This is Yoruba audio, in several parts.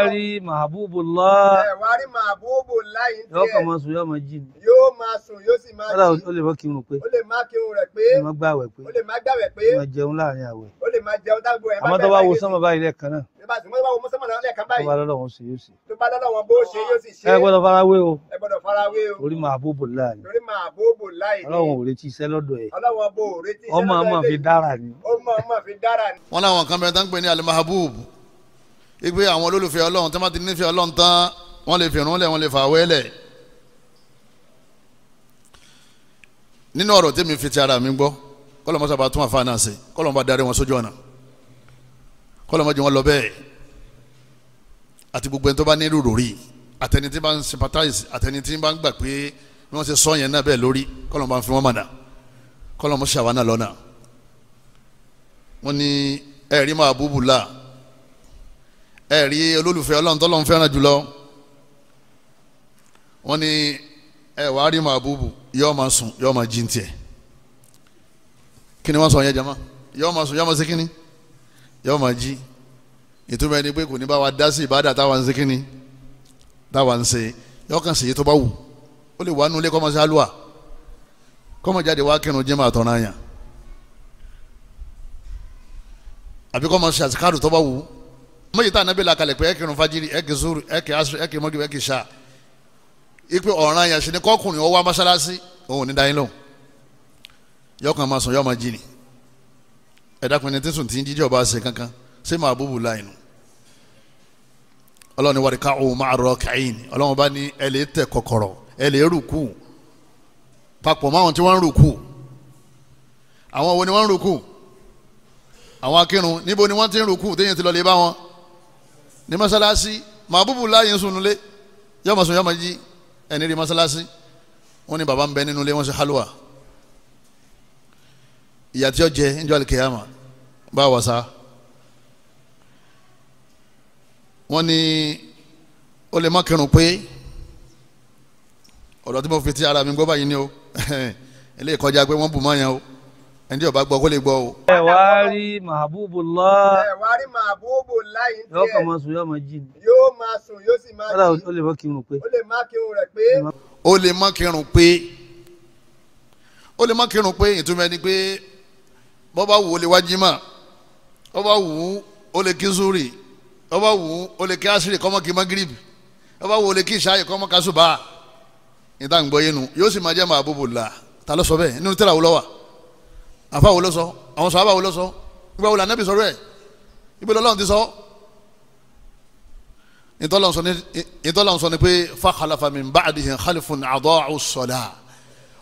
rí màbúbùlá. ẹ wá rí màbúbùlá yìí tiẹ̀. yóò kàn máa sùn yóò máa jí ni. yóò máa sùn yóò sì máa jí. kọ́lá ó lè má kírun pé. ó lè má kírun rẹ̀ pé. ó lè má gbàwẹ̀ pé. ó lè má gbàwẹ̀ pé. ó lè má jẹun láàrin àwẹ̀. ó lè má jẹun dágbò ẹ̀ má bẹ̀rẹ̀ àmọ́ tó bá wo sánmọ̀ báyìí lẹ́ẹ̀kan náà. tó bá wo sánmọ̀ lẹ́ẹ̀kan báyìí. tó bá lọ́lọ́ wọn ṣe yóò ṣe. tó bá lọ́lọ́ wọn bó ṣe yóò sì ṣe. ẹ gbọ́dọ̀ farawé o. ẹ gbọ́dọ̀ farawé o. orí máa bóbò láàyè. orí máa bóbò láàyè. ọlọ́run ò retí iṣẹ́ lọ́dọ̀ ẹ̀. ọlọ́run bò retí iṣẹ́ lọ́dọ̀ ẹ̀. ọmọ ọmọ fi dára ni. ọmọ ọmọ fi dára ni. wọ́n láwọn kan bẹ̀rẹ̀ tán pè ní alimahabubu igbe àwọn olólùfẹ́ ọlọ́run tí wọ́n ti nífẹ̀ẹ́ ọlọ́run tán wọ́n lè fìrún lẹ̀ wọ́n lè fàwẹ́ lẹ̀ nínú ọ̀rọ̀ tèmi fi ti ara mi gbọ́ kọ́lọ́mọ́ sábà tún àfa náà ṣe kọ́lọ́mọ́ bá darí wọn sójú ọ̀nà kọ́lọ́mọ́ jù wọn lọ bẹ́ẹ̀ àti gbogbo ẹni tó bá nílùú rò àtẹni tí bá ń sympathize àtẹni tí bá ń gbà pé bí wọ́n ṣe sọ yẹn náà bẹ́ẹ̀ lórí kọ́lọ́mọ́ bá fi wọ́n mọ̀nà kọ́lọ́mọ́ ṣàwọn náà lọ́nà wọ́n ní ẹ̀rí máa búbù láà ẹ rí olólùfẹ́ ọlọ́run tọ́lọ́run fẹ́ràn jùlọ wọ́n ní ẹ wàá rí màbúbù yọ́ọ́ máa sùn yọ́ọ́ máa jí ní tiẹ̀ kí ni wọ́n sọ yẹn jama yọ́ọ́ máa sùn yọ́ọ́ máa ṣe kí ni yọ́ọ́ máa jí ìtumọ̀ ẹni pé kò ní bá wa dá sí ìbádà táwa ń ṣe kí ni táwa ń ṣe yọ́ọ́ kàn sí iye tó bá wù ó lè wà nulẹ̀ kọ́ máa ṣe alúwa kọ́ máa jáde wá kírun jẹ́ máa tọ́ná yàn àbí kọ́ máa ṣe àsìkárù tó bá wù mọ́yì tá ànábì la kalẹ̀ pé ẹ kírun fajiri ẹ kì zuru ẹ kì asiri ẹ kì mọ́gìrì ẹ kì sa ipe ọ̀ràn yẹn sini kọ́kùnrin ọwọ́ amásálásí òun ní dáyìn lọ yọkàn máa sùn yọ máa jìnnì ẹ̀dá pinni tí sùn tí ń jíjọ́ bá ṣe kankan ṣé máa búbu láyìn nù ọlọ́run ni wàrí káwọn máa rọ kàyìn ọlọ́run bá ní ẹ lè tẹ̀ kọ̀kọ̀rọ̀ ẹ lè rúkú papọ̀ máwọn tí wọ́n ń rúkú àwọn wo ni wọ́n ń rúkú àwọn akírun níbo ni wọ́n ti ń rúkú téèyàn ti lọ lè bá wọn Ni masalasi màbúbù láàyè sunulé yóò máa sùn yóò máa jí ẹni rí masalasi wọn ni baba ń bẹ nínú ilé wọn sì halwa ìyá tí ó jẹ níjọ́ alikiyama bá wà sá wọn ni ó lè má kírun pé ọ̀rọ̀ mo fi ti ara mi gbọ́ báyìí ni o eléyìí kọjá pé wọ́n bù mọ́ yẹn o ẹni ọba gbọ́ kó lè gbọ́ o. ẹ wá rí mahabubullah. ẹ wá rí mahabubullah yìí tiẹ̀. yóò kàn máa sùn yóò máa jí. yóò máa sùn yóò sì máa jí. kódà ó lè má kírun pé. ó lè má kírun rẹ̀ pé. ó lè má kírun pé. ó lè má kírun pé ìtumọ̀ ẹni pé bọ́ bá wù ó lè wá jímà bọ́ bá wù ú ó lè kí zuri bọ́ bá wù ú ó lè kí asiri kọ́mọ́ kí magrib bọ́ bá wù ó lè kí ìṣáyè kọ́mọ́ kásùbà ìtàǹgbọ́ yẹnu yóò sì máa jẹ́ mahabubullah ta ló sọ bẹ́ẹ̀ nínú tẹ́lẹ̀ àwùlọ́wà àfa wo ló sọ àwọn sàhábà wo ló sọ ìgbà wo lànà bí sọ̀rọ̀ ẹ̀ ibi lọ́lọ́run ti sọ ìtọ́lọ́run sọ ni pé fakhalafa min ba'dihim khalfun adaa'u s-salah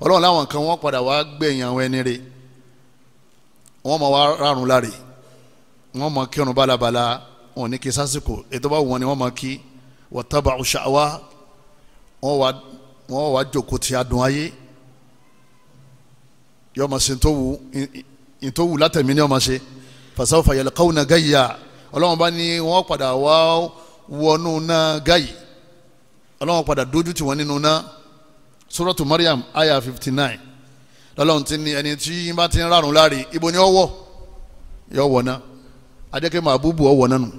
ọlọ́run láwọn kan wọ́n padà wá gbẹ̀yìn àwọn ẹni rẹ̀ wọ́n mọ̀ wá rárun láre wọ́n mọ̀ kírun bálabàla wọn ní kí sásìkò ètò bá wọn ni wọ́n mọ̀ kí wattaba'u shawa wọ́n wá jòkó ti adùn ayé yọ ma ṣe ntọ́wù ntọ́wù látẹ̀mí ni ọ ma ṣe fasáwọ́fà yalqawna gayya ọlọ́wọ́n bá ní wọ́n padà wá wọnú náà gáyì ọlọ́wọ́n padà dójú tì wọ́n nínú náà suratu Maryam aya fifty nine lọ́lọ́run ti ní ẹni tí bá ti ń rárun láre ibo ni ọ wọ̀ yọ wọ̀ náà adékè màá búbù ọ wọ̀ náà nù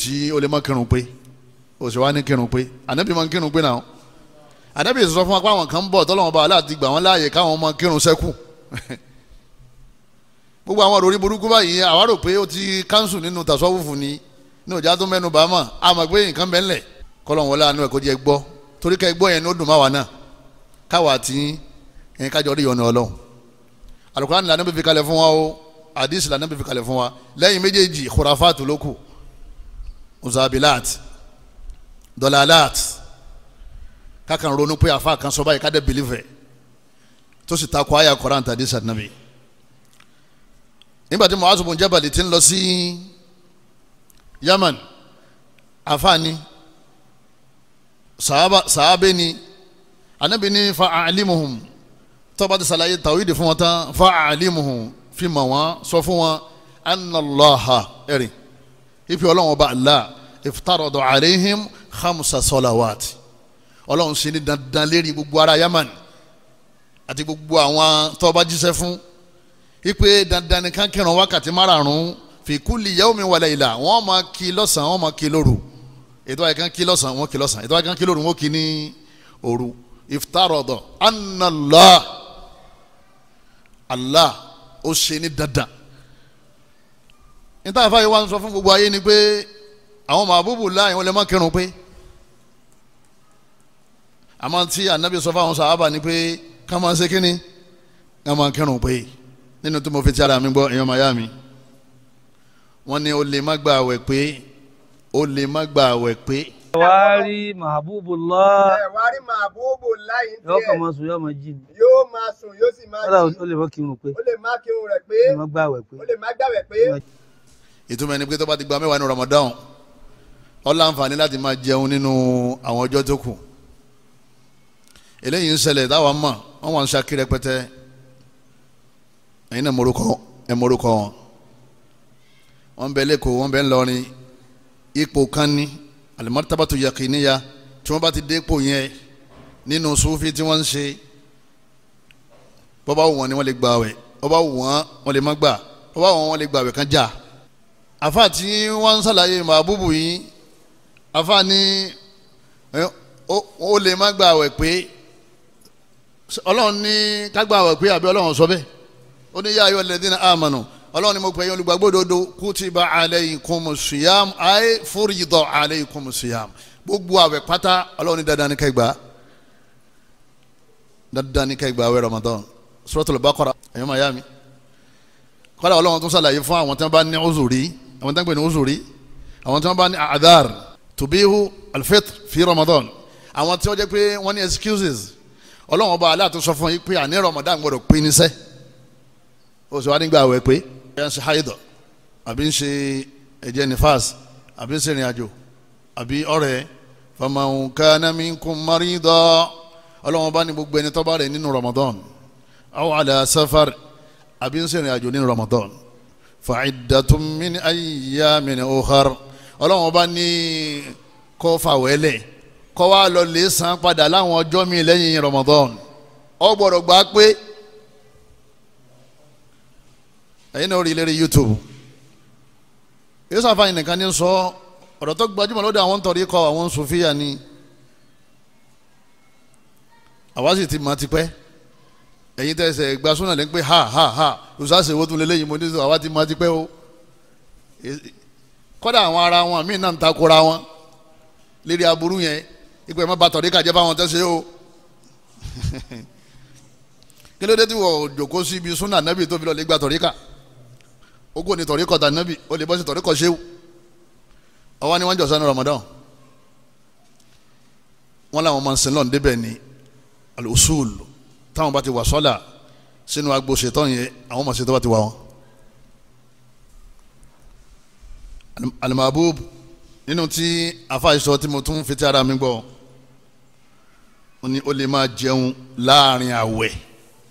tí ó má kírun pé òṣèwà ní kírun pé ànábì má kírun pé náà ànábì sọ fún wa pé àwọn kan ń bọ̀ tọ́lọ́wọ́n bá wa láti gbà wọ́n láàyè káwọn ọmọ kírun sẹ́kù gbogbo àwọn òròrí burúkú báyìí àwa rò pé ó ti kánṣu nínú tàṣọ́wùfù ni ní òjá tó mẹ́nu bá mọ̀ a mọ̀ pé nǹkan bẹ́ẹ̀ lẹ̀ kọ́lọ́n wọlé àánú ẹ̀ kó jẹ́ gbọ́ torí ká gbọ́ yẹn ní ó dùn má wa náà káwa àti ẹ̀yin kájọ rí ìyọnu ọlọ́run Al-Qur'an lànà bí fi kalẹ̀ fún wa o hadith lànà bí fi kalẹ̀ fún wa lẹ́yìn méjèèjì khurafat lóku uzabilat dọ̀làlát kákan ronú pé àfa kan sọ báyìí ká dẹ́ bìlífẹ̀ tó sì takò àyà Kùránì tàdí sàdínàbí nígbà tí Mu'adh bin Jabal ti ń lọ sí Yaman àfa ni sahaba sahabe ni anabi ni fa alimuhum tọba ti ṣàlàyé tawhidi fún wọn tán fa alimuhum fi mọ̀ wọ́n sọ fún wọn analaha ẹ̀rìn ife ọlọ́wọ́n ba Allah iftaradu alayhim khamsa salawati ọlọ́run ṣe ní dandan lérí gbogbo ara Yaman àti gbogbo àwọn tó bá jíṣẹ́ fún ipe dandan nìkan kírun wákàtí márààrún fi kulli yawmin wa layla wọ́n máa kí lọ́sàn-án wọ́n máa kí lóru ètò àyíká kí lọ́sàn-án wọ́n kí lọ́sàn-án ètò àyíká kí lóru wọ́n kí ní òru iftarada anna Allah Allah ó ṣe ní dandan níta yìí wá ń sọ fún gbogbo ayé ni pé àwọn màbúbù láàyè wọn lè má kírun pé àmọ́ tí anabi sọ fáwọn sàhábà ni pé ká máa ṣe kínní ká máa kẹrùn pé nínú tí mo fi ti ara mi gbọ́ èèyàn màyá mi wọ́n ní o lè má gba àwẹ̀ pé o lè má gba àwẹ̀ pé. wàárí mahabubullah. ẹ wàárí mahabubullah yìí tiẹ̀. yóò kàn máa sùn yóò máa jí ni. yóò máa sùn yóò sì máa jí. ó lè má kírun pé. ó lè má kírun rẹ̀ pé. ó lè má gba àwẹ̀ pé. ó lè má gba àwẹ̀ pé. ìtumọ̀ ẹni pé tó bá ti gba mẹ́wàá nínú Ramadan ó láǹfààní láti máa jẹun nínú àwọn ọjọ́ tó kù eléyìí ń ṣẹlẹ̀ táwọn mọ̀ wọ́n wà ń ṣakí rẹpẹtẹ ẹ̀yin náà morúkọ ẹ̀ morúkọ wọn wọ́n bẹ lẹ́kọ̀ọ́ wọ́n bẹ ńlọrin ipò kan ní alimọ́tàbàtò yàkínníyà tí wọ́n bá ti dé ipò yẹn nínú sufi tí wọ́n ń ṣe bọ́bá wọn ni wọ́n lè gbààwẹ̀ bọ́bá wọn wọ́n lè má gbà bọ́bá wọn wọ́n lè gbààwẹ̀ kan jà àfa tí wọ́n ń ṣàlàyé màbúbù yìí àfa ni ó lè má gbààwẹ̀ pé ọlọ́run ní kágbá àwẹ̀ pé àbí ọlọ́run sọ bẹ́ẹ̀ ó ní yá ayọ̀ lẹ́dínà àmánù ọlọ́run ní mo pè é olùgbàgbọ́dodo kútìbà alaykumus siyam ay fúrìdọ̀ alaykumus siyam gbogbo àwẹ̀ pátá ọlọ́run ní dandan ní kẹgbà dandan ní kẹgbà àwẹ̀ Ramadan Suratul Baqara ẹ̀yọ́ máa yá mi kọ́lá ọlọ́run tún ṣàlàyé fún àwọn tí wọ́n bá ní uzuri àwọn tí wọ́n pè ní uzuri àwọn tí wọ́n bá ní adar fi Ramadan àwọn tí wọ́n jẹ́ excuses ọlọ́run ọba aláàtọ̀ sọ fún yín pé àní rọmọdán gbọdọ̀ pé níṣẹ́ ó sì wá nígbà àwẹ̀ pé ẹ̀ ń ṣe haidọ̀ àbí ń ṣe ẹ̀jẹ̀ nifas àbí ń ṣe ìrìn àjò àbí ọ̀rẹ́ faman kana minkum marida ọlọ́run ọba ní gbogbo ẹni tó bá rẹ̀ nínú rọmọdán aw ala safar àbí ń ṣe ìrìn àjò nínú rọmọdán fa iddatun min ayyamin ukhar ọlọ́run ọba ní kó fàwẹ́lẹ̀ kọ́ wa lọ lè san padà láwọn ọjọ́ míì lẹ́yìn Ramadan ọ gbọ́dọ̀ gbà pé ẹ̀yin náà rí lérí YouTube yóò sàfàyàn nìkan ní sọ ọ̀rọ̀ tó gbajúmọ̀ lọ́dọ̀ àwọn tọ̀rí kọ àwọn Sufiya ni àwa sì ti mọ̀ tipẹ́ ẹ̀yin tẹ̀sẹ̀ gba súnà lẹ́ ń ha ha ha òṣàṣe wo tún lé lẹ́yìn mo ní sọ àwa ti mọ̀ tipẹ́ o kọ́dà àwọn ara wọn míì náà ń takora wọn lérí aburú yẹn ipò ẹ̀ má ba tọ̀rí kàjẹ́ fáwọn tẹ́sí o kí ló dé tí wọ́n jòkó sí ibi súnà nábì tó lọ́ọ́ lè gba ogún ni tọ̀rí kọ̀tà nábì ó lè bọ́ sí tọ̀rí kọ̀ ṣéwù ọwọ́ ni wọ́n jọ sanu Ramadan wọ́n làwọn máa ń sin lọ́n débẹ̀ ni al-usul táwọn bá ti wà sọ́là sínú agbo ṣetán yẹn àwọn máa ṣe tó bá ti wà wọn. alimabub nínú tí afa ìṣọ tí mo tún fi ti ara mi gbọ́ ó ní ó lè máa jẹun láàrin àwẹ̀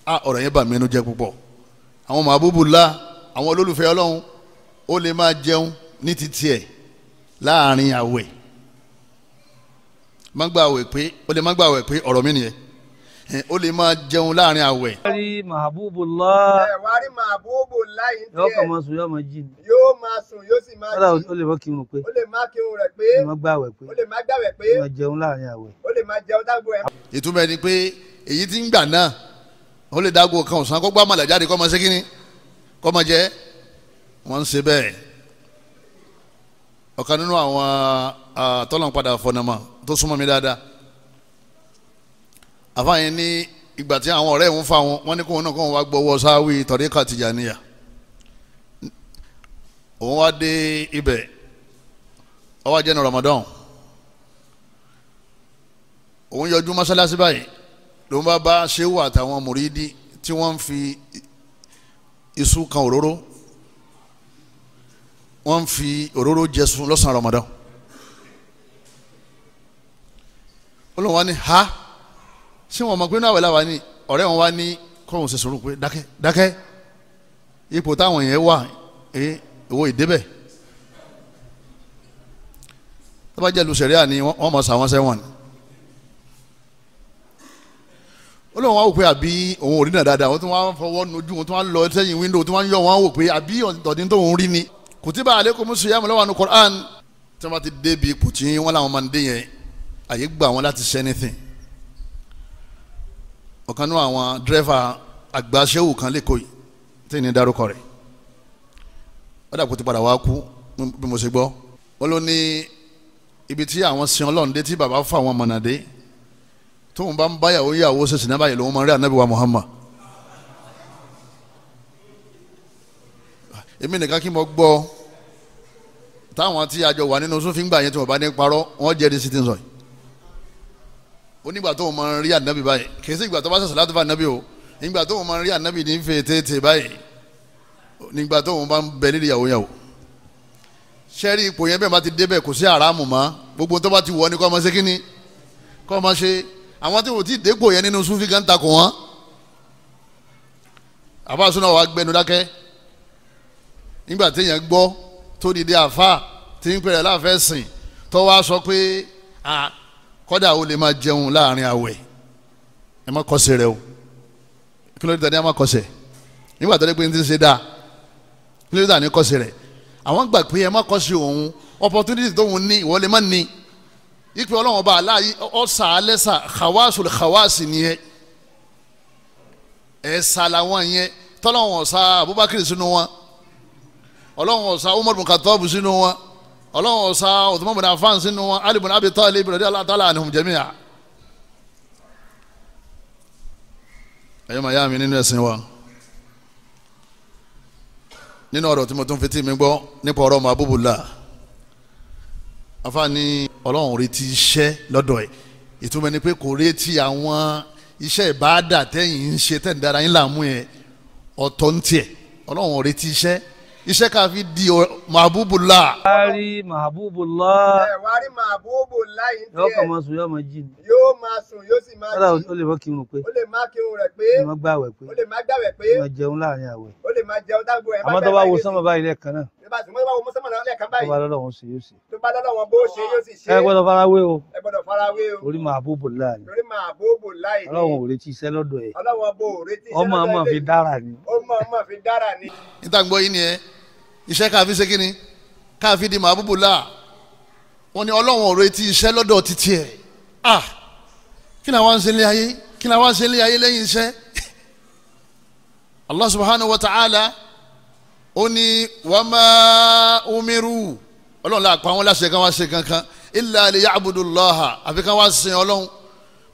á ọ̀rọ̀ yẹn bà mí inú jẹ́ púpọ̀ àwọn màbúbù la àwọn olólùfẹ́ ọlọ́run ó lè máa jẹun ní títí ẹ̀ láàrin àwẹ̀ má pé ó lè má pé ọ̀rọ̀ mi nìyẹn Eh, ó lè máa jẹun láàrin àwẹ̀. wárí mahabubullah. ẹ wárí mahabubullah yìí tiẹ̀. yóò kàn máa sùn yóò máa jí ni. yóò máa sùn yóò sì máa jí. kódà ó lè má kírun pé. ó lè má kírun rẹ̀ pé. ó lè má gbàwẹ̀ pé. ó lè má gbàwẹ̀ pé. ó lè má jẹun láàrin àwẹ̀. ó lè má jẹun dágbo ẹ̀. ìtumọ̀ ẹni pé èyí tí ń gbà náà ó lè dágbo kan ọ̀sán kó gbá màlẹ̀ jáde kó máa ṣe kíni kó máa jẹ wọ́n ń ṣe bẹ́ẹ̀ ọ̀kan nínú àwọn tọ́lọ̀ padà fọ̀nàmọ́ tó súnmọ́ mi dáadáa àfààní ní ìgbà tí àwọn ọ̀rẹ́ ń fa wọn wọ́n ní kó wọn náà kó wá gbọ́wọ́ sáwì tọ̀ríkà tìjàníyà òun wá dé ibẹ̀ ó wá ní Ramadan òun yọjú mọ́sálásí báyìí lòun bá bá ṣéwù àtàwọn mùrídìí tí wọ́n ń fi iṣu kan òróró wọ́n ń fi òróró jẹsun lọ́sàn-án Ramadan ó lóun wá ní ha ṣé wọn mọ̀ pé náà wẹ̀ láwa ni ọ̀rẹ́ wọn wá ní kọ́run ṣe sọ̀rọ̀ pé dákẹ́ dákẹ́ ipò táwọn yẹn wà ẹ owó ìdébẹ̀ tó lu sẹ̀ríà ni wọ́n mọ̀ sàwọn sẹ́wọ̀n ni ó lóun wá wò pé àbí òun ò rí náà dáadáa wọ́n tún wá fọwọ́ nojú wọn tún wá lọ sẹ́yìn wíńdò tún wá yọ wọn wò pé àbí ọ̀dọ́dín tóun rí ni kutiba aleikum siyamu lọ́wọ́ àánú Qur'an tí wọ́n bá ti débi ipò tí wọ́n làwọn máa ń dé yẹn àyè gbà wọn láti ṣe anything ọ̀kan nínú àwọn dírẹ́fà àgbàṣẹ́wò kan lẹ́kọ̀ọ́ yìí tí ní dárúkọ rẹ̀ ó dàpọ̀ ti padà wá kú bí mo ṣe gbọ́ ó ló ní ibi tí àwọn sin ọlọ́run dé tí bàbá fún àwọn mọ̀nà dé tóun bá ń báyàwó yàwó ṣèṣì náà báyìí lòun máa rí ànábì wa Muhammad èmi nìkan kí mo gbọ́ táwọn tí àjọ wà nínú sófin gbà yẹn tí wọ́n bá ní parọ́ wọ́n jẹ́rìí sí ti ń onígbà tó máa ń rí ànábì báyìí kì í sí ìgbà tó bá ṣe sàlátù fún ànábì o ìgbà tó máa ń rí ànábì ní fè tètè báyìí nígbà tó bá ń bẹ nílé ìyàwó yàwó sẹ́rí ipò yẹn bẹ́ẹ̀ bá ti débẹ̀ kò sí àràmù mọ́ gbogbo tó bá ti wọ̀ ni kọ́ ọ ma ṣe kí ni kọ́ ọ ma ṣe àwọn tí kò tí ì dépò yẹn nínú sunfi kan ta kò wọ́n àfa suna wa gbẹnu dákẹ́ nígbà téèyàn gbọ́ tó dìde àfa tí ń kódà o lè máa jẹun láàrin àwẹ̀ ẹ má kọsẹ̀ rẹ o kí ló dé tani ẹ má kọsẹ̀ nígbà tó dé pé n ti ṣe dáa kí ló dé tani kọsẹ̀ rẹ àwọn gbà pé ẹ má kọsẹ̀ òun opportunity tóun ní ìwọ lè má ní ipe ọlọ́run ọba aláàyè ọ̀sà alẹ́sà khawasul khawasi nìyẹn ẹ̀sà làwọn yẹn tọ́lọ́run ọ̀sà Abubakar sínú wọn ọlọ́run ọ̀sà Umar bin sínú wọn ọlọ́run ọ̀sá Uthman bin Affan sínú wọn Ali bin Abi Talib radiyallahu ta'ala anhum jami'a. ẹ̀yọ́ màá yá mi nínú ẹ̀sìn wa nínú ọ̀rọ̀ tí mo tún fi tì mí gbọ́ nípa ọ̀rọ̀ màá búbu là àfààní ọlọ́run retí iṣẹ́ lọ́dọ̀ ẹ̀ ìtumọ̀ ni pé kò retí àwọn iṣẹ́ ìbáàdà tẹ́yìn ń ṣe tẹ́ǹdára yín làmú yẹn ọ̀tọ̀ ń tiẹ̀ ọlọ́run retí iṣẹ́ iṣẹ́ ká fi di mahabubula. wárí mahabubula. ẹ wárí mahabubula yìí tiẹ̀. yóò kàn máa sùn yóò máa jí ni. yóò máa sùn yóò sì máa jí. ọ̀la o lè má kírun pé. o lè má kírun rẹ̀ pé. o lè má gbàwẹ̀ pé. o lè má gbàwẹ̀ pé. o lè má jẹun láàrin àwẹ̀. o lè má jẹun dágbò ẹ̀. àmọ́ tó bá wo sánmà báyìí lẹ́ẹ̀kan náà. tó bá wo sánmà náà lẹ́ẹ̀kan báyìí. tó bá lọ́dọ̀ wọn ṣe yóò ṣe. tó bá lọ́dọ̀ wọn bó ṣe yóò sì ṣe. ẹ gbọ́dọ̀ farawé o. ẹ gbọ́dọ̀ farawé o. orí mahabubula ni. orí mahabubula ni. ọlọ́run ò retí iṣẹ́ lọ́dọ̀ ẹ̀. ọlọ́run ò retí iṣẹ́ lọ́dọ̀ ẹ̀. ọmọ ọmọ fi dára ni. ó ọmọ fi dára ni. níta gbọ́ yín ni ẹ iṣẹ́ káàfin ṣe kínni káàfin di màbúbù láà wọ́n ní ọlọ́run ò retí iṣẹ́ lọ́dọ̀ títí ẹ̀ ah kí ni àwọn ń ṣe ní ayé kí ni àwọn ń ṣe ní ayé lẹ́yìn iṣẹ́ Allah subhanahu wa ta'ala ó ní wàmà umiru ọlọ́run làpá wọn láṣẹ kan wá ṣe kankan illa liya'budullaha àfi kan wá sin ọlọ́run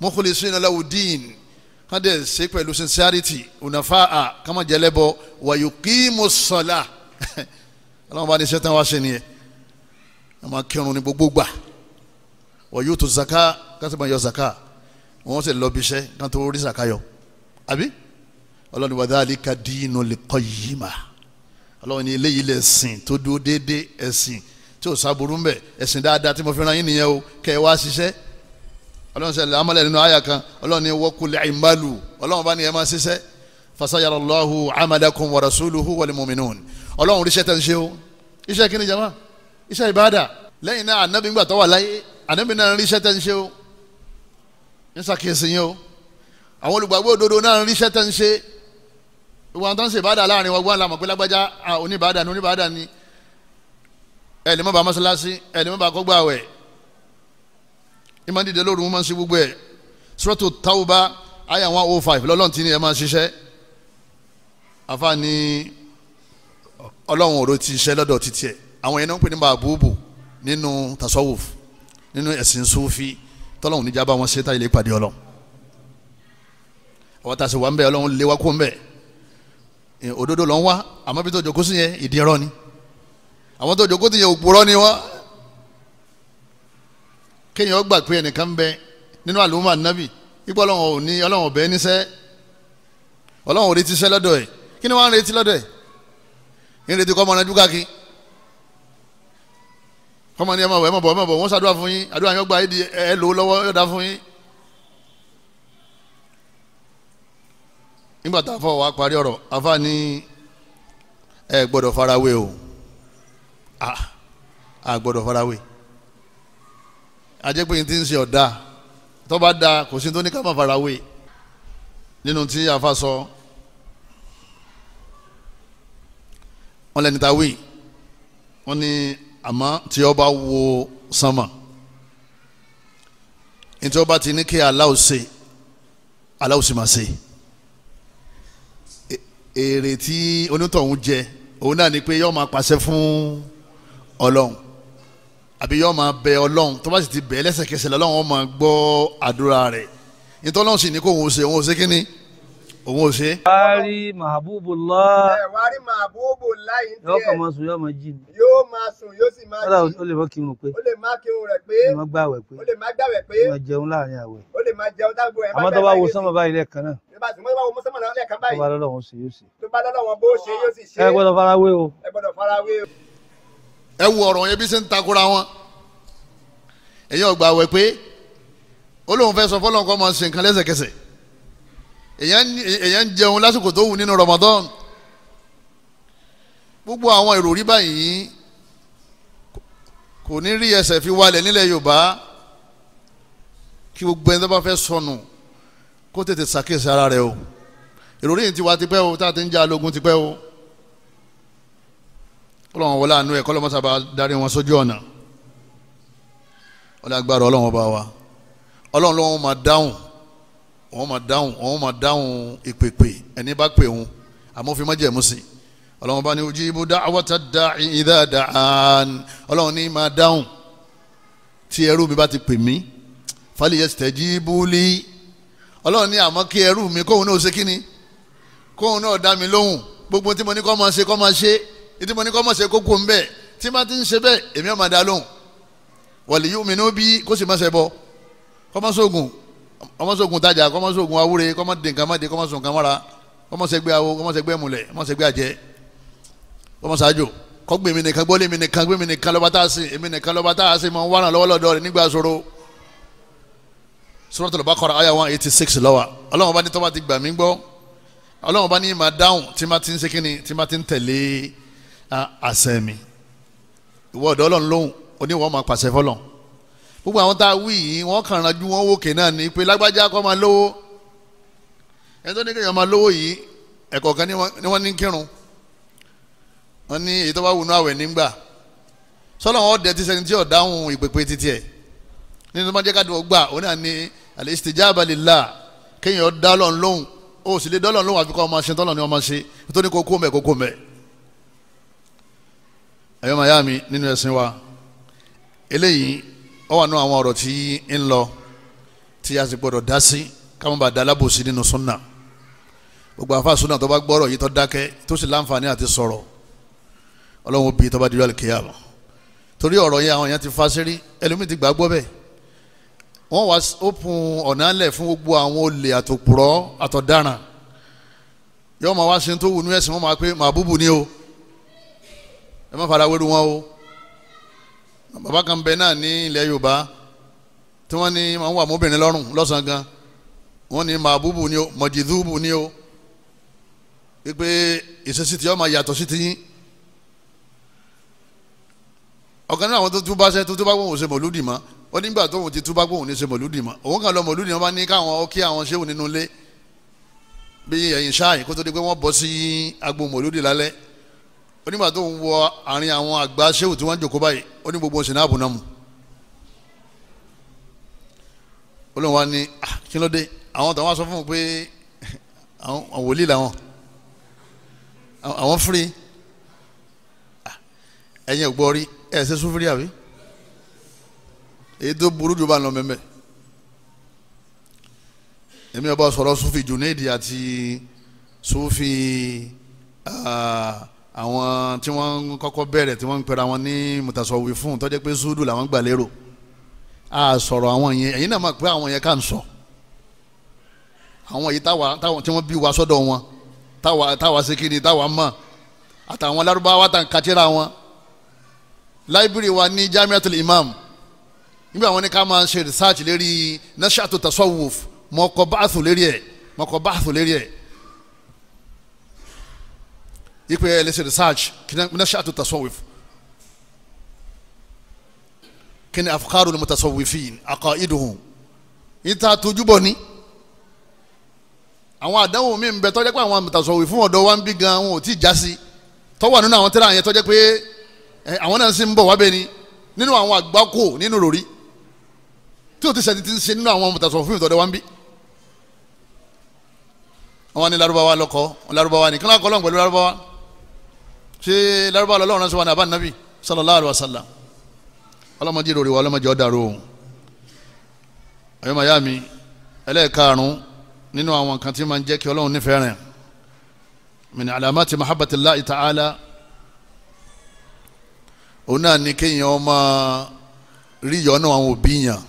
mukhlisina lahu din kán Se ṣe pẹ̀lú sincerity ònàfà à kán má jẹlẹ́bọ wàyò kí mo sọ̀la ọlọ́run bá ní sẹ́tàn wá sí nìyẹn a máa kírun ní gbogbo gbà wàyò tó zaka kán sì máa yọ zaka wọ́n sì lọ bí iṣẹ́ kán tó rí zaka yọ àbí ọlọ́run ní wadhalika dinul qayyima ọlọ́run ní eléyìí lẹ̀ sìn tó dúró déédéé ẹ̀sìn tí ò sábúrú mbẹ̀ ẹ̀sìn dáadáa tí mo fi ran yín nìyẹn o kẹ́ ẹ wá ṣiṣẹ́ ọlọ́run sẹ́lẹ̀ amọ̀lẹ̀ nínú àyà kan ọlọ́run ní wọ́kulẹ̀ ìmàlù ọlọ́run bá ní ẹ̀ máa ṣiṣẹ́ fasayarallahu amadakum wa rasuluhu wal mu'minun ọlọ́run ríṣẹ́ tẹ̀ ń ṣe o iṣẹ́ kí ni jama iṣẹ́ ìbáàdà lẹ́yìn náà anabi ńgbà wà láyé anabi náà ríṣẹ́ tẹ̀ ń ṣe o ń ṣàkíyèsí yín o àwọn olùgbàgbọ́ òdodo náà ríṣẹ́ tẹ̀ ń ṣe gbogbo tó ń ṣe ìbáàdà ìmọ̀ dìde lóru wọn máa ń ṣe gbogbo ẹ̀ Suratu Tawba àyà one oh five lọ́lọ́run tí ni ẹ máa ṣiṣẹ́ afa ni ọlọ́run ọ̀rọ̀ ti ṣiṣẹ́ lọ́dọ̀ títí ẹ̀ àwọn yẹn náà ń pè ní bàbúùbù nínú tasawuf nínú ẹ̀sìn sufi tọ́lọ́run níjà bá wọn ṣe tá ilé pàdé ọlọ́run àwọn tàṣe wà ń bẹ ọlọ́run lé wa kó ń bẹ òdodo lọ́n wá àmọ́ bí tó jókòó sí yẹn ìdí ẹ̀rọ ni àwọn tó jókòó sí yẹn òpùrọ́ ni wọ́n kéèyàn gbà pé ẹnìkan bẹ nínú àlùmọ́ ànábì ipò ọlọ́run ò ní ọlọ́run ò bẹ́ẹ̀ níṣẹ́ ò retí iṣẹ́ lọ́dọ̀ ẹ̀ kí ni wọ́n á retí lọ́dọ̀ ẹ̀ ń retí kọ́ ọmọ ọ̀nà dúkàkí kọ́mọ ní ẹ máa bọ̀ ẹ máa bọ̀ ẹ máa bọ̀ wọ́n ṣàdúrà fún yín àdúrà yín ọgbà ẹ di ẹ lò lọ́wọ́ ẹ dá fún yín. nígbà tá a fọ wa parí ọ̀rọ̀ afa ní ẹ gbọ́dọ̀ farawé o ah, a gbọ́dọ̀ farawé ajẹ́ pé n ti ń ṣe ọ̀dà tó bá da kò sí tó ní ká má fara wé nínú tí afa sọ wọn lẹni ta wí wọn ni àmọ́ tí ọba wo sánmà ní tí ọba ti ní kí Allah ṣe Allah sì máa ṣe e, èrè tí onítọ̀hún jẹ òun náà ni pé yọ́ọ́ máa pàṣẹ fún ọlọ́run àbí yóò máa bẹ ọlọ́run tó bá sì ti bẹ lẹ́sẹ̀kẹsẹ̀ lọ́lọ́run ó máa gbọ́ àdúrà rẹ̀ ìtọ́lọ́run sì ní kó òun ṣe òun ṣe kíni òun ò ṣe. wárí mahabubullah. ẹ wárí mahabubullah yìí tiẹ̀. yóò kàn máa sùn yóò máa jí ni. yóò máa sùn yóò sì máa jí. kódà ó lè má kírun pé. ó lè má kírun rẹ̀ pé. ó lè má gbàwẹ̀ pé. ó lè má gbàwẹ̀ pé. ó lè má jẹun láàrin àwẹ̀. ó lè má jẹun dágbò ẹ̀ má àmọ́ tó bá wo sánmà báyìí lẹ́ẹ̀kan náà. tó bá wo bó ṣe yóò sì ṣe. ẹ gbọ́dọ̀ farawé o. ẹ gbọ́dọ̀ farawé o ẹ wo ọ̀rọ̀ yẹn bí ṣe ń takora wọn èyí ọgbà wẹ̀ pé olóhùn fẹ́ sọ fọlọ́n kọ́ máa ṣe nǹkan lẹ́sẹ̀kẹsẹ̀ èyàn ń jẹun lásìkò tó wù nínú Ramadan gbogbo àwọn ìròrí báyìí kò ní rí ẹsẹ̀ fi walẹ̀ nílẹ̀ Yorùbá kí gbogbo ẹni tó bá fẹ́ sọnù kó tètè ṣàkíyèsí ara rẹ o ìròrí yìí ti wá tipẹ́ o tá a ti ń já ológun tipẹ́ o kọlọ́wọ́n wọlé àánú ẹ̀ kọlọ́wọ́n sábà darí wọn sójú ọ̀nà ọlọ́wọ́n agbára ọlọ́wọ́n bá wa ọlọ́wọ́n lọ́wọ́n máa dáhùn wọ́n máa dáhùn wọ́n máa dáhùn ìpèpè ẹni bá pè wọn àmọ́ fi má jẹ̀mú sí ọlọ́wọ́n bá ní ujibu da'wata da'i idha da'an ọlọ́wọ́n ní máa dáhùn tí ẹrú mi bá ti pè mí fali yastajibu li ọlọ́wọ́n ní àmọ́ kí ẹrú mi kóhun náà ṣe kíni kóhun náà dá mi lóhùn gbogbo tí mo ní kó máa ṣe kó máa ṣe ìdí mo ní kọ́ mọ̀ ṣe kókó ń bẹ́ẹ̀ tí má ti ń ṣe bẹ́ẹ̀ èmi ọ̀ma dá lóhùn wọ̀lì yóò mi ní bí kó sì má ṣe bọ́ kọ́mọ́sóògùn kọ́mọ́sóògùn tajà kọ́mọ́sóògùn awúre kọ́mọ́dínkámọ́dé kọ́mọ́sóògùnkámọ́ra kọ́mọ́sẹ̀gbẹ́ awo kọ́mọ́sẹ̀gbẹ́ múlẹ̀ kọ́mọ́sẹ̀gbẹ́ àjẹ́ kọ́mọ́sájò kọ́gbìn mi nìkan gbọ́lé mi nìkan gbìn mi nìkan lọ́ba tá a sìn èmi nìkan lọ́ba tá a sìn mọ̀ ń wá ràn lọ́wọ́ lọ́dọ̀ rẹ̀ nígbà ṣòro Suratul Baqara àyà one eighty six lọ́wọ́ ọlọ́run bá ní tọ́ba ti gbà mí gbọ́ ọlọ́run bá ní ìmà dáhùn tí má ti ń ṣe kíni tí má ti ń tẹ̀lé àṣẹ mi ìwọ ọ̀dọ́ ọlọ́run lóhùn oníwọ̀n máa pàṣẹ fọlọ́n gbogbo àwọn tá a wí yìí wọ́n kàn ránjú wọ́n wòkè náà ní pé lágbájá kọ́ máa lówó ẹni tó ní kéèyàn máa lówó yìí ẹ̀kọ́ kan ni wọ́n ní kírun wọ́n ní èyí tó bá wùnú àwẹ̀ nígbà sọ́lọ́ wọn dẹ̀ ti sẹ́ni tí ọ̀dáhùn ìpèpè títí ẹ̀ nínú máa jẹ́ ká dùn gbà òun náà ní al-istijaba lillah kéèyàn dá lọ́n lóhùn ó sì lè dọ́lọ́n lóhùn àfikún ọmọ ṣe tọ́lọ́ ni ọmọ ṣe tó kókó mẹ́ kókó mẹ́ ẹ̀yọ́ màyá mi nínú ẹ̀sìn wa eléyìí ó wà nù àwọn ọ̀rọ̀ tí ń lọ tí a sì gbọ́dọ̀ dá sí ká má bàa dá alábòsí nínú súnà gbogbo àfa súnà tó bá gbọ́rọ̀ yìí tó dákẹ́ tó sì láǹfààní àti sọ̀rọ̀ ọlọ́run bí tó bá di al-Qiyamah torí ọ̀rọ̀ yẹn àwọn èèyàn ti fa sérí ẹlòmíì ti gbàgbọ́ bẹ́ẹ̀ wọ́n wá ópin ọ̀nà alẹ̀ fún gbogbo àwọn olè àtòpùrọ̀ àtọ̀daràn yọ́ọ́ o ẹ má fara wéru wọn o bàbá kan bẹ náà ní ilẹ̀ yorùbá tí wọ́n ní wọ́n wà mọ́bìnrin lọ́rùn lọ́sàn-án gan wọ́n ní màbúbù ni o mọ̀jìdúbù ni o pípé ìṣesí tí wọ́n máa yàtọ̀ sí ti yín ọ̀kan náà àwọn tó túbá sẹ́ tó túbá gbóhùn ṣe mọ̀lúdì mọ́ ó nígbà tó òun ti túbá gbóhùn ní ṣe mọ̀lúdì mọ́ òun kan lọ mọ̀lúdì wọn bá ní káwọn ọkí àwọn ṣéwù nínú ilé bí ẹ̀yìn ṣáàyìn kó tó di pé wọ́n bọ́ sí agbo mọ̀lúdì lálẹ́ onígbà tó ń wọ àárín àwọn àgbà sẹ́wù tí wọ́n ń jòkó báyìí ó ní gbogbo ṣìnà àbùnà mu olóhùn wa ní ah, kí ló dé àwọn tó wá sọ fún mi pé àwọn wòlíì làwọn àwọn firi ah, ẹ̀yin ò gbọ́ ṣe sún firi àbí èyí tó burú jù bá lọ mẹ́mẹ́ èmi ọba sọ̀rọ̀ sufi Junaid àti sufi. Uh, àwọn tí wọ́n kọ́kọ́ bẹ̀rẹ̀ tí wọ́n ń pera wọn ní mùtàsọ̀wé fún tọ́jẹ́ pé zúdù làwọn gbà lérò a sọ̀rọ̀ àwọn yẹn ẹ̀yin náà mọ̀ pé àwọn yẹn kà ń sọ àwọn yìí táwa táwọn tí wọ́n bí wa sọ́dọ̀ wọn táwa táwa sekiri táwa mọ̀ àtàwọn lárúbáwá tàn kàtírà wọn láìbírì wa ní jamiatul imam nígbà wọn ni ká máa ṣe research lérí nashatu tasawuf mọ̀ọ́kọ́ báàtù lérí ẹ̀ mọ̀ọ́kọ́ báàtù lérí ẹ̀ ipe ẹ lè ṣe research kìnnà ṣáàtú tasawuf kìnnà afukaru ni mutasawufin aqaiduhum ìta tójúbọ ni àwọn àdánwò mi ń bẹ tọ́jẹ́ pé àwọn mutasawufun ọ̀dọ́ wa ń bí gan wọn ò tí ì já sí tọ́wọ́ nínú àwọn tẹ́lẹ̀ àyẹn tọ́jẹ́ pé àwọn náà sì ń bọ̀ wá bẹ́ẹ̀ nínú àwọn àgbákò nínú rori tí o ti sẹ́ni ti ń ṣe nínú àwọn mutasawufin tọ́jẹ́ wa ń bí àwọn ni Lárúbáwá lọ́kọ́ Lárúbáwá nìkan lákọ́ lọ́n pẹ̀lú Lárúbáwá ṣé lárúbáwá lọ́wọ́ ránṣẹ́ wa ní abánabi sallallahu alayhi wa sallam ọlọ́mọdé rò rí wa ọlọ́mọdé ọ̀dàrú o ayọ́mọ ayá mi ẹlẹ́ẹ̀karùn-ún nínú àwọn nǹkan tí máa ń jẹ́ kí ọlọ́run nífẹ̀ẹ́ rẹ̀ min alamati mahabbatillahi ta'ala òun náà ni kéèyàn ọmọ rí yọ̀ọ́nà àwọn òbí yàn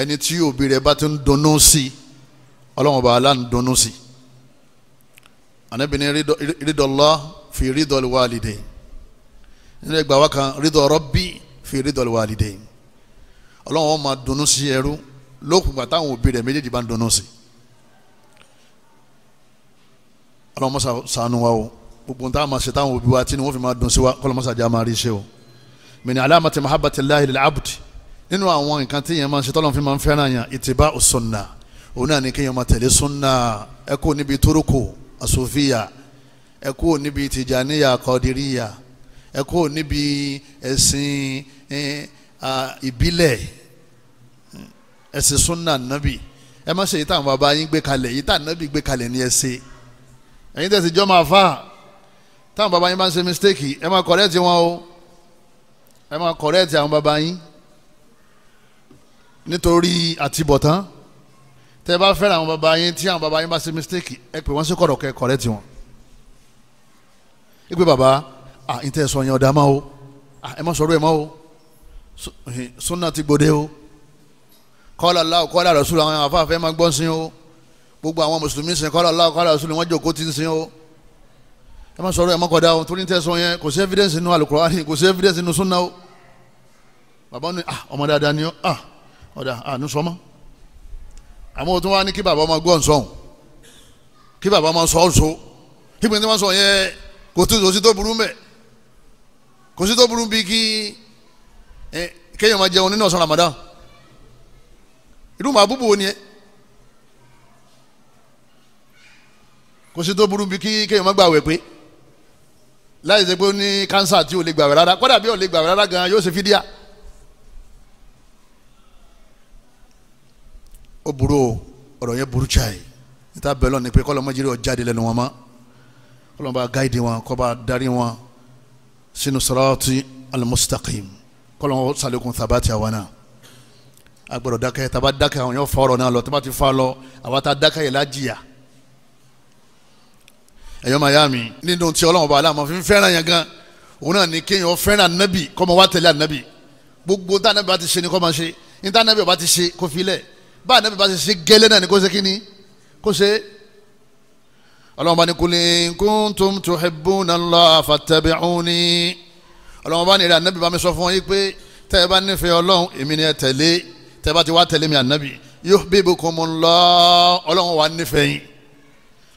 ẹni tí òbí rẹ̀ bá ti ń dunnú sí ọlọ́run ọba aláǹ sí ànábìnrin rídọ̀lá fi rídọ̀ wàlídé nínú ẹgbà wa kan rídọ̀ rọ́bì fi rídọ̀ wàlídé ọlọ́run wọn máa dunnú sí ẹrú lókùn gbà táwọn òbí rẹ̀ méjèèjì bá ń dunnú sí ọlọ́run mọ́sá sànú wa o gbogbo nǹkan táwọn máa ṣe táwọn òbí wa tí ni wọ́n fi máa dun sí wa kọ́lọ́ mọ́sá jẹ́ àmà rí iṣẹ́ o mìíràn alámàtí mahabati lahi lil nínú àwọn nǹkan tí yẹn máa ṣe tọ́lọ́ fi máa fẹ́ràn yàn ìtìbá òsùnà òun náà ní kéèyàn máa tẹ̀lé sunna ẹ kó níbi tórókò àsòfíà ẹ kúrò níbi tìjàníyà kọdíríyà ẹ kúrò níbi ẹ̀sìn ìbílẹ̀ ẹ̀sìn súnà nábì ẹ má ṣe yìí táwọn bàbá yín gbé kalẹ̀ yìí táwọn nábì gbé kalẹ̀ ní ẹsẹ̀ ẹ̀yin tẹ̀sí jọ́ máa fà táwọn bàbá yín bá ń ṣe mistake ẹ máa kọ̀rẹ́ẹ̀tì wọn o ẹ máa kọ̀rẹ́ẹ̀tì àwọn bàbá yín nítorí àtibọ̀tán tẹ́ bá fẹ́ràn àwọn bàbá yín tí àwọn bàbá yín bá ṣe mistake ẹ pè wọ́n sí kọ̀rọ̀ kẹ́ wọn ẹ pé bàbá à ń tẹ́ sọ yẹn ọ̀dà máa o ẹ má sọ̀rọ̀ ẹ má o sunna eh, ti gbòde o kọ́lá Allah kọ́lá Rasul àwọn afáfẹ́ máa gbọ́ sí o gbogbo àwọn mùsùlùmí sìn kọ́lá Allah kọ́lá Rasul wọn jókòó ti ń sìn o ẹ má sọ̀rọ̀ ẹ má kọ̀dá o torí ń tẹ́ sọ yẹn kò sí evidence nínú Al-Qur'ani kò sí evidence nínú sunna o Baba ní ah ọmọ dáadáa ni ọ ah ọ̀dà ah ní sọ́mọ́ àmọ́ o tún wá ní kí bàbá ọmọ gbọ́ nsọ́hùn kí bàbá ọmọ sọ́ọ̀sọ́ kí pé ní wọ́n sọ yẹn kò sí tó burú mẹ́ kò sí tó burú bí kí kéèyàn máa jẹun nínú ọ̀sán Ramadan irú màá búbu ni ẹ kò sí tó burú bí kí kéèyàn máa gbàwẹ̀ pé láì ṣe pé ó ní kánsà tí ò lè gbàwẹ̀ rárá kódà bí ò lè gbàwẹ̀ rárá gan yóò ṣe fídíà ó burú ọ̀rọ̀ yẹn burú chai níta bẹ́ẹ̀ lọ́ọ̀ ni pé kọ́lọ́mọ́jírẹ́ ọ jáde lẹ́nu wọn mọ́ ọlọ́run bá gáìdì wọn kó bá darí wọn sínú sirati al-mustaqim kọ́lọ́n sàlékún thabati àwọn náà agbọ́dọ̀ dákẹ́ taba dákẹ́ àwọn yóò fa ọ̀rọ̀ náà lọ tí wọ́n ti fa lọ àwa ta dákẹ́ yẹn lájìyà ẹ̀yọ́ mayami nínú tí ọlọ́run bá aláàmọ́ fi ń fẹ́ràn yẹn gan òun náà ní kéèyàn fẹ́ràn ànábì kó máa wá tẹ̀lé ànábì gbogbo tá ànábì bá ti ṣe ni kó máa ṣe ní tá bá ti ṣe kó bá ànábì bá ti ṣe gẹ́lẹ́ náà ni kó ṣe kíni kó ṣe ọlọ́run bá ní qul in kuntum tuhibbuna Allah fattabi'uni ọlọ́run bá ní ìrẹ́ ànábì bá mi sọ fún yín pé tẹ́ ẹ bá nífẹ̀ẹ́ ọlọ́run èmi ni ẹ tẹ̀lé tẹ́ ẹ bá ti wá tẹ̀lé mi ànábì yuhbibkumullah ọlọ́run wà nífẹ̀ẹ́ yín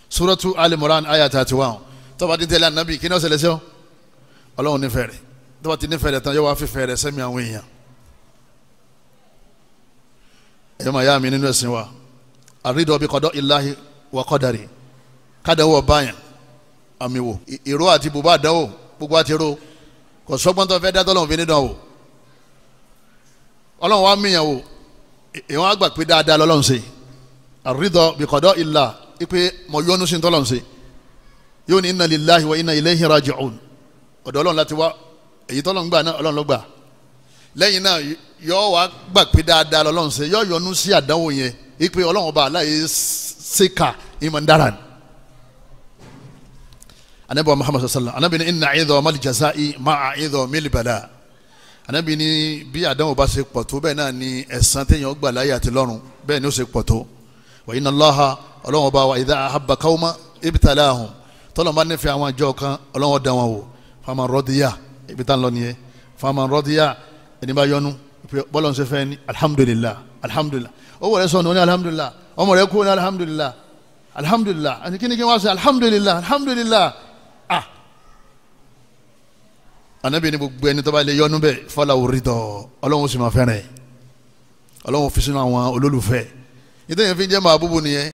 suratu al-imran aya thirty one tó ti tẹ̀lé ànábì kí ni ó ṣẹlẹ̀ sí ọlọ́run nífẹ̀ẹ́ rẹ̀ tó ti nífẹ̀ẹ́ rẹ̀ tán yóò wá fífẹ́ rẹ̀ sẹ́mi àwọn èèyàn ẹ̀yọ́ màá yá mi nínú ẹ̀sìn wa àrídọ̀ bí qada'illahi wa qadari kádàwọ̀ báyàn àmì wò ìró àti bùbá àdánwò gbogbo àti ro kò sọ́gbọ́n tó fẹ́ dá tọ́lọ́run fi nídàn wò ọlọ́run wa mìyàn wò ìwọ́n àgbà pé dáadáa lọ́lọ́run ṣe àrídọ̀ bìkọ́dọ̀ ìlà ipe mọ̀ yọnu sí tọ́lọ́run ṣe yóò ní inna lillahi wa inna ilayhi raji'un ọ̀dọ̀ ọlọ́run láti wá èyí tọ́lọ́run gbà náà ọlọ́run ló gbà lẹ́yìn náà yọ wá gbà pé dáadáa lọ́lọ́run ṣe yọ yọnu sí àdánwò yẹn ipe ọlọ́run ọba aláyé ṣèkà ìmọ̀ ń anabi wa muhammadu sallam anabi ni ina idọ mali jazai maa idọ mili bala anabi ni bí àdánwò bá ṣe pọ̀ tó bẹ́ẹ̀ náà ni ẹ̀san téèyàn gbà láyé àti lọ́run bẹ́ẹ̀ ni ó ṣe pọ̀ tó wa inna Allaha ọlọ́wọ́n bá wa idha ahabba qawma ibtalahum tọ́lọ́ bá nífẹ̀ẹ́ àwọn àjọ kan ọlọ́wọ́n dán wọn wò faman radiya ibi tá n lọ nìyẹn faman radiya ẹni bá yọnu bọ́lá ń ni alhamdulillah alhamdulillah owó rẹ sọ̀nù ní alhamdulillah ọmọ rẹ kú ní alhamdulillah alhamdulillah àti kíni kí wọ́n ṣe alhamdulillah anabi ni gbogbo ẹni tó bá lè yọnu bẹ fọlá òrìtọ ọlọ́run sì máa fẹ́ràn ẹ ọlọ́run fi sínú àwọn fi jẹ́ màá búbu nìyẹn